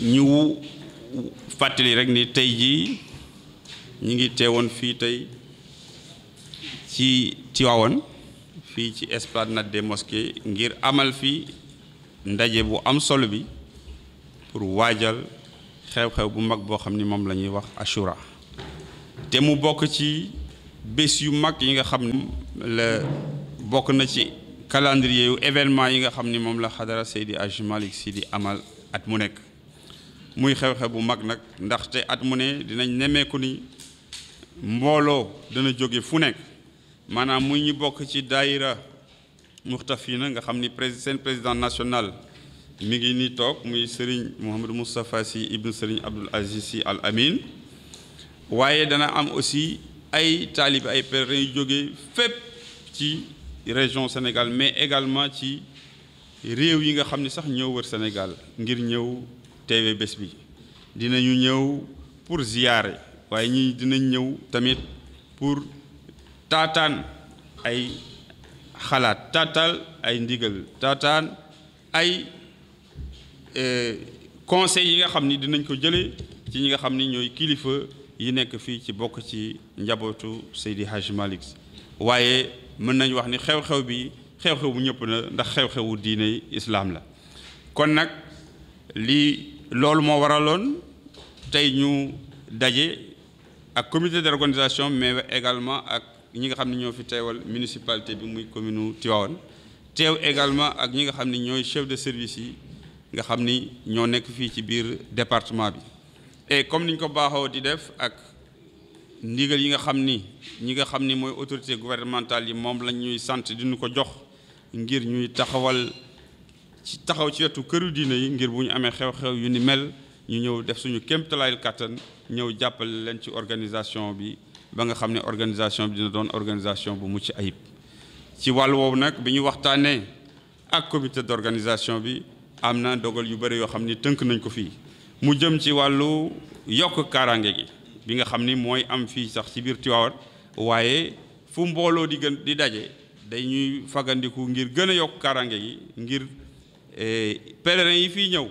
ñu fàttali rek ni tey jii ñu ngi teewoon fii tey ci Tivaouane fii ci esplanade de mosquées ngir amal fii ndaje bu am solo bi pour waajal xew-xew bu mag boo xam ni moom la ñuy wax Achoura te mu bokk ci bés yu mag yi nga xam ni la bokk na ci calendrier yu événement yi nga xam ni moom la xadara Seydi Aj Malick Sy di amal at mu nekk muy xew-xew bu mag nag ndaxte at mu ne dinañ nemmeeku ni mbooloo dana jóge fu nekk maanaam muy ñu bokk ci daayira muxtafina nga xam ni seen président national mu ngi ni toog muy Serigne Mouhamadou Moustapha si ibnu Serigne Abdoul Aziz si Al Amin waaye dana am aussi ay taalibe ay pèlerin yu jóge fépp ci région Sénégal mais également ci réew yi nga xam ni sax ñëw wër Sénégal ngir ñëw teewee bés bi dinañu ñëw pour ziyaare waaye ñii dinañ ñëw tamit pour taataan ay xalaat taataan ay ndigal taataan ay eh, conseil yi nga xam ni dinañ ko jële ci ñi nga xam ni ñooy kilifa yi nekk fii ci bokk ci njabootu Seydi Hadj Malick waaye mën nañ wax ni xew-xew bi xew-xew bu ñëpp na ndax xew-xewu diine islaam la kon nag lii loolu moo waraloon tey ñu daje ak de d'organisation mais également ak ñi nga xam ne ñoo fi teewal municipalité bi muy commune Tivaouane teew également ak ñi nga xam ni ñooy chef de service yi nga xam ni ñoo nekk fii ci biir département bi et comme niñ ko baaxoo di def ak ndigal yi nga xam ni ñi nga xam ni mooy autorité gouvernementale yi moom lañ ñuy sant di ko jox ngir ñuy taxawal ci taxaw ci wetu këru diine yi ngir bu ñu amee xew-xew yu ni mel ñu ñëw def suñu kéemtalaayul kàttan ñëw jàppale leen ci organisation bi ba nga xam ne organisation bi dina doon organisation bu mucc ayib ci wàll woowu nag bi ñu waxtaanee ak comité d'organisation bi am na dogal yu bëri yoo xam ni tënk nañ ko fii mu jëm ci wàllu yokk kaaraange gi bi nga xam ni mooy am fii sax ci biir Tiwaawan waaye fu mbooloo di gën di daje dañuy fagandiku ngir gën a yokk kaaraange gi ngir Eh, pèlerin yi fii ñëw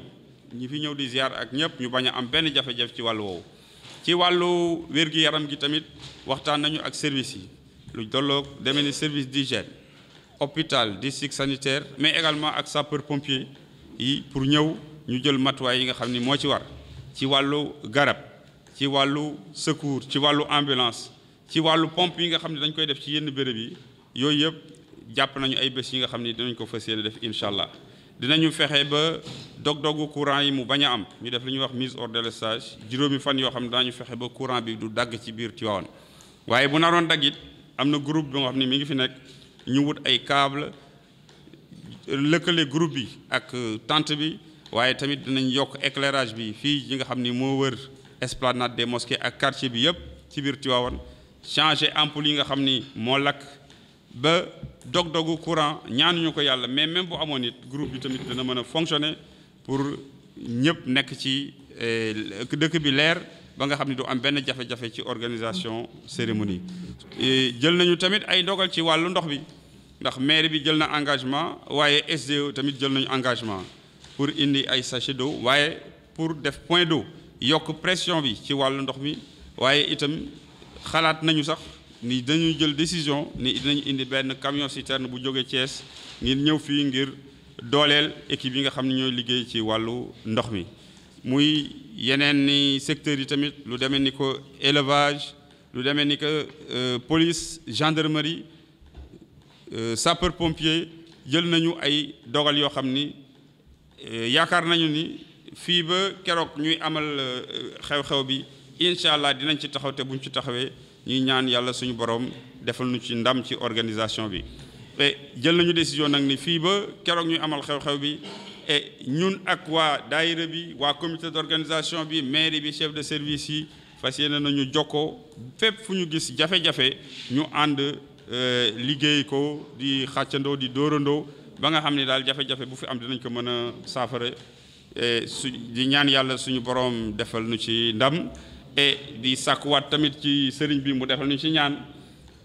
ñi fi ñëw di ziar ak ñëpp ñu bañ a am benn jafe-jafe ci wàllu woowu ci wàllu wér-gi-yaram gi tamit waxtaan nañu ak service yi lu dolloog deme ni service d'hygiène hôpital district sanitaire mais également ak sapeur pompier yi pour ñëw ñu jël matuwaay yi nga xam ni moo ci war ci wàllu garab ci wàllu secours ci wàllu ambulance ci wàllu pompe yi nga xam ne dañ koy def ci yenn béréb yi yooyu yëpp jàpp nañu ay bés yi nga xam ni dinañ ko fas def incha allah dinañu fexe ba dog-dogu courant yi mu bañ a am ñu def li ñuy wax mise hors délestage juróomi fan yoo xam ne daañu fexe ba courant bi du dagg ci biir Tivaouane waaye bu naroon dagg it am na groupe bi nga xam ne mu ngi fi nekk ñu wut ay câble lëkkale groupe bi ak euh, tente bi waaye tamit dinañ yokk éclairage bi fii yi nga xam ni moo wër esplanade de mosquées ak quartier bi yëpp ci biir Tivaouane changer ampoule yi nga xam ni moo lakk ba. dog-dogu courant ñaanuñu ko yàlla mais même bu amoon nit groupe bi tamit dana mën a fonctionner pour ñëpp nekk ci eh, dëkk bi leer ba nga xam ne du am benn jafe-jafe ci organisation cérémonie jël nañu tamit ay dogal ci wàllu ndox bi ndax maire bi jël na engagement waaye SDE tamit jël nañu engagement pour indi ay sachet d'eau waaye pour def point do yokk pression bi ci wàllu ndox bi waaye itam xalaat nañu sax ni dañuy jël décision ni dinañ indi benn camion citerne bu jóge cees ngir ñëw fii ngir dooleel équipe yi nga xam ne ñooy liggéey ci wàllu ndox mi muy yeneen ni secteurs yi tamit lu demee ni ko élevage lu demee ni que euh, police gendarmerie euh, sapeur pompier jël nañu ay dogal yoo xam ni euh, yaakaar nañu ni fii ba keroog ñuy amal xew-xew bi incha allah dinañ ci taxaw te buñ ci taxawee ñuy ñaan yàlla suñu borom defal nu ci ndam ci organisation bi jël nañu décision nag ni fii ba keroog ñuy amal xew-xew bi et ñun ak waa daayira bi waa commité comité organisation bi maire bi chef de service yi fas yéene nañu jokkoo fépp fu ñu gis jafe-jafe ñu ànd euh, liggéey ko di xàccandoo di dóorandoo ba nga xam ni daal jafe-jafe bu fi am dinañ ko mën a saafara su di ñaan yàlla suñu borom defal nu ci ndam et di sàkkuwaat tamit ci sëriñ bi mu defal ñu ci ñaan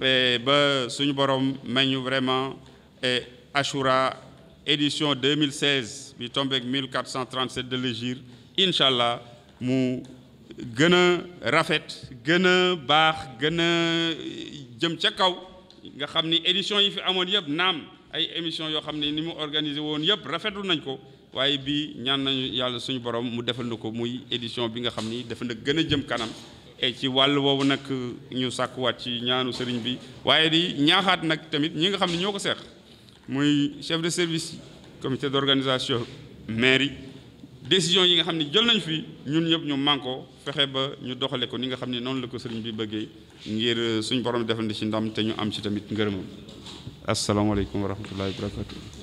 e ba suñu borom may ñu vraiment et deux mille 2016 bi tombeek cent trent 1437 de l'hégire incha allah mu gën a rafet gën a baax gën a jëm ca kaw nga xam ni édition yi fi amoon yëpp naam ay émission yoo xam ne ni mu organisé woon yëpp rafetlu nañ ko waaye bii ñaan nañu yàlla suñu borom mu defal na ko muy édition bi nga xam ni dafa na gën a jëm kanam et ci wàll woowu nag ñu sàkkuwaat ci ñaanu sëriñ bi waaye di ñaaxaat nag tamit ñi nga xam ne ñoo ko seex muy chef de service comité d'organisation mairie décision yi nga xam ne jël nañ fi ñun ñëpp ñu mànko fexe ba ñu doxale ko ni nga xam ne noonu la ko sëriñ bi bëggee ngir suñu borom defal na ci ndam te ñu am ci tamit ngërëmam asalaamaaleykum wa rahmatullahi wa barakatu